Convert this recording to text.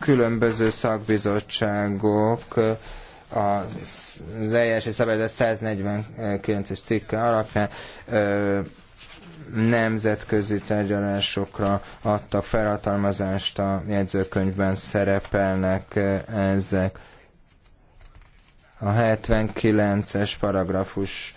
különböző szakbizottságok az eljárási szabályzat 149-es cikke alapján nemzetközi tárgyalásokra adtak felhatalmazást, a jegyzőkönyvben szerepelnek ezek. A 79-es paragrafus